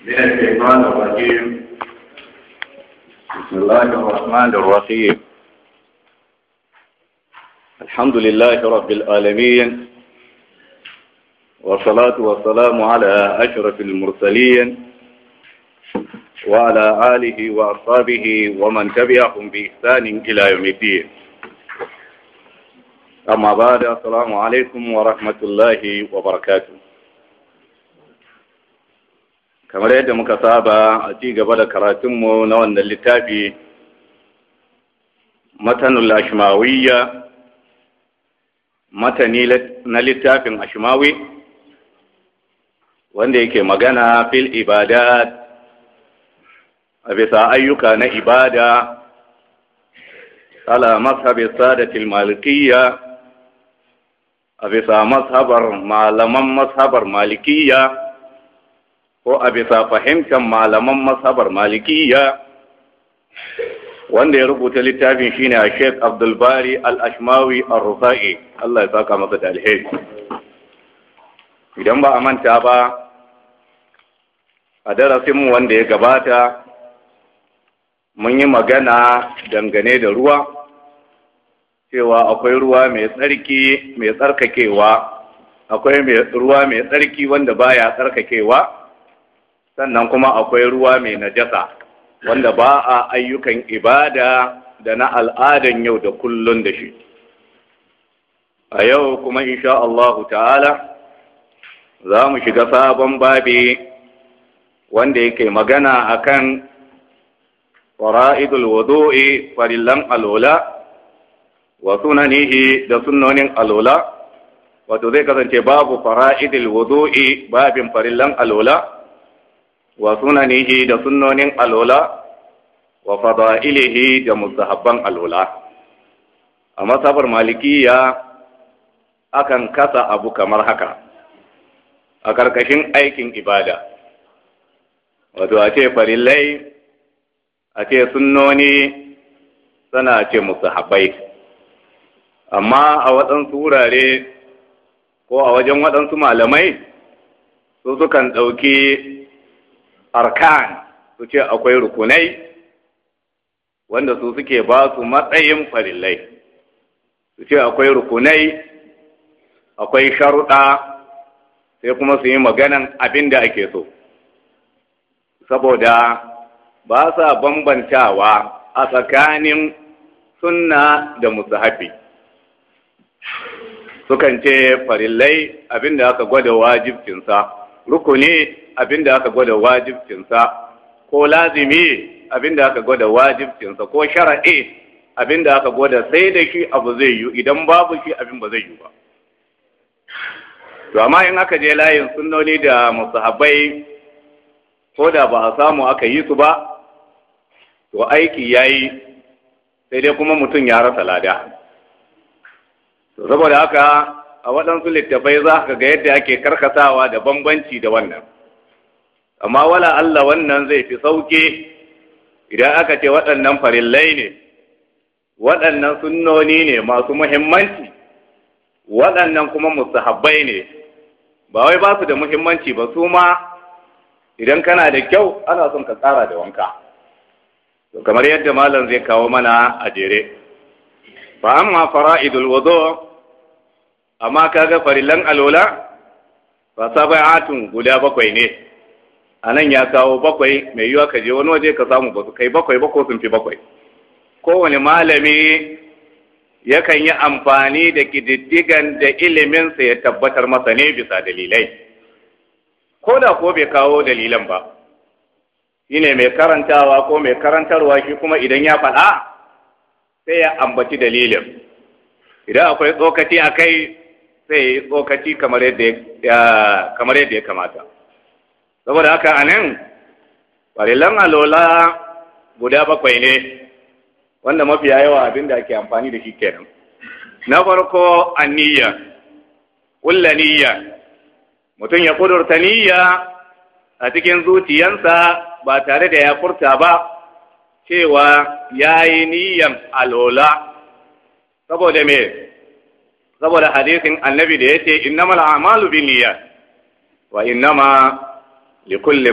بسم الله الرحمن الرحيم الحمد لله رب العالمين والصلاة والسلام على أشرف المرسلين وعلى آله وأصحابه ومن تبعهم بإحسان إلى يوم الدين أما بعد السلام عليكم ورحمة الله وبركاته kamar yadda muka saba a ci gaba da karatunmu na wannan littafi matanul ashmawiyya matani na littafin ashimawi? wanda yake magana fil ibadat a bisa ayyuka na ibada ala mazhabi sadatil malikiyya a bisa mashabar malaman mashabar malikiyya ko a bisa fahimtar malaman masabar malikiya wanda ya rubuta littafin shine a sheikh abdulbari al-ashmawi al-rufa'i Allah ya saka masa da alheri idan ba a manta ba a darasin mu wanda ya gabata mun yi magana dangane da ruwa cewa akwai ruwa mai tsarki mai tsarkakewa akwai ruwa mai tsarki wanda baya tsarkakewa sannan kuma akwai ruwa mai najasa wanda ba a ayyukan ibada da na al'adan yau da kullun da shi a yau kuma insha Allahu ta'ala za mu shiga sabon babi wanda yake magana akan fara'idul wudu'i farillan alula wa sunanihi da sunnonin alula wato zai kasance babu fara'idul wudu'i babin farillan alwala wa sunanihi da sunnonin alola wa fada'ilihi da mustahabban alola a masabar malikiya akan kasa abu kamar haka a ƙarƙashin aikin ibada wato a ce farillai a ce sunnoni sana ce mustahabbai amma a waɗansu wurare ko a wajen waɗansu malamai su sukan ɗauki arkan su ce akwai rukunai wanda su suke ba su matsayin farillai su ce akwai rukunai akwai sharuɗa sai kuma su yi maganan abin da ake so saboda ba sa bambantawa a tsakanin sunna da musahabi sukan ce farillai abin da aka gwada wajibcinsa rukuni Abin da aka gwada wajibcinsa ko lazimi abin da aka gwada wajibcinsa ko shara'i da aka gwada sai da shi abu zai yi idan babu shi abin ba zai yi ba to amma in aka je layin sunnoni da musahabai ko da ba a samu aka yi su ba to aiki yayi sai dai kuma mutum ya rasa lada to saboda haka a waɗansu littattafai za ka ga yadda ake karkatawa da bambanci da wannan amma wala Allah wannan zai fi sauke idan aka ce waɗannan farillai ne waɗannan sunnoni ne masu muhimmanci waɗannan kuma mustahabbai ne ba wai ba su da muhimmanci ba su ma idan kana da kyau ana son ka tsara da wanka kamar yadda malam zai kawo mana a jere fa amma fara'idul wudu amma kaga farillan alwala fa atun guda bakwai ne a nan ya kawo bakwai mai yiwa ka je wani waje ka samu ba su kai bakwai ba ko sun fi bakwai kowane malami yakan yi amfani da kididdigan da iliminsa ya tabbatar masa ne bisa dalilai ko da ko bai kawo dalilan ba shi ne mai karantawa ko mai karantarwa shi kuma idan ya faɗa sai ya ambaci dalilin idan akwai tsokaci a kai sai ya yi tsokaci kamar yadda ya kamata saboda haka a nan farilan alola guda bakwai ne wanda mafi yawa abin da ake amfani da shi kenan na farko aniyya kulla niyya mutum ya kudurta niyya a cikin zuciyansa ba tare da ya furta ba cewa ya yi niyyan alola saboda me saboda hadisin annabi da ya ce innamal amalu bin niyya wa innama لكل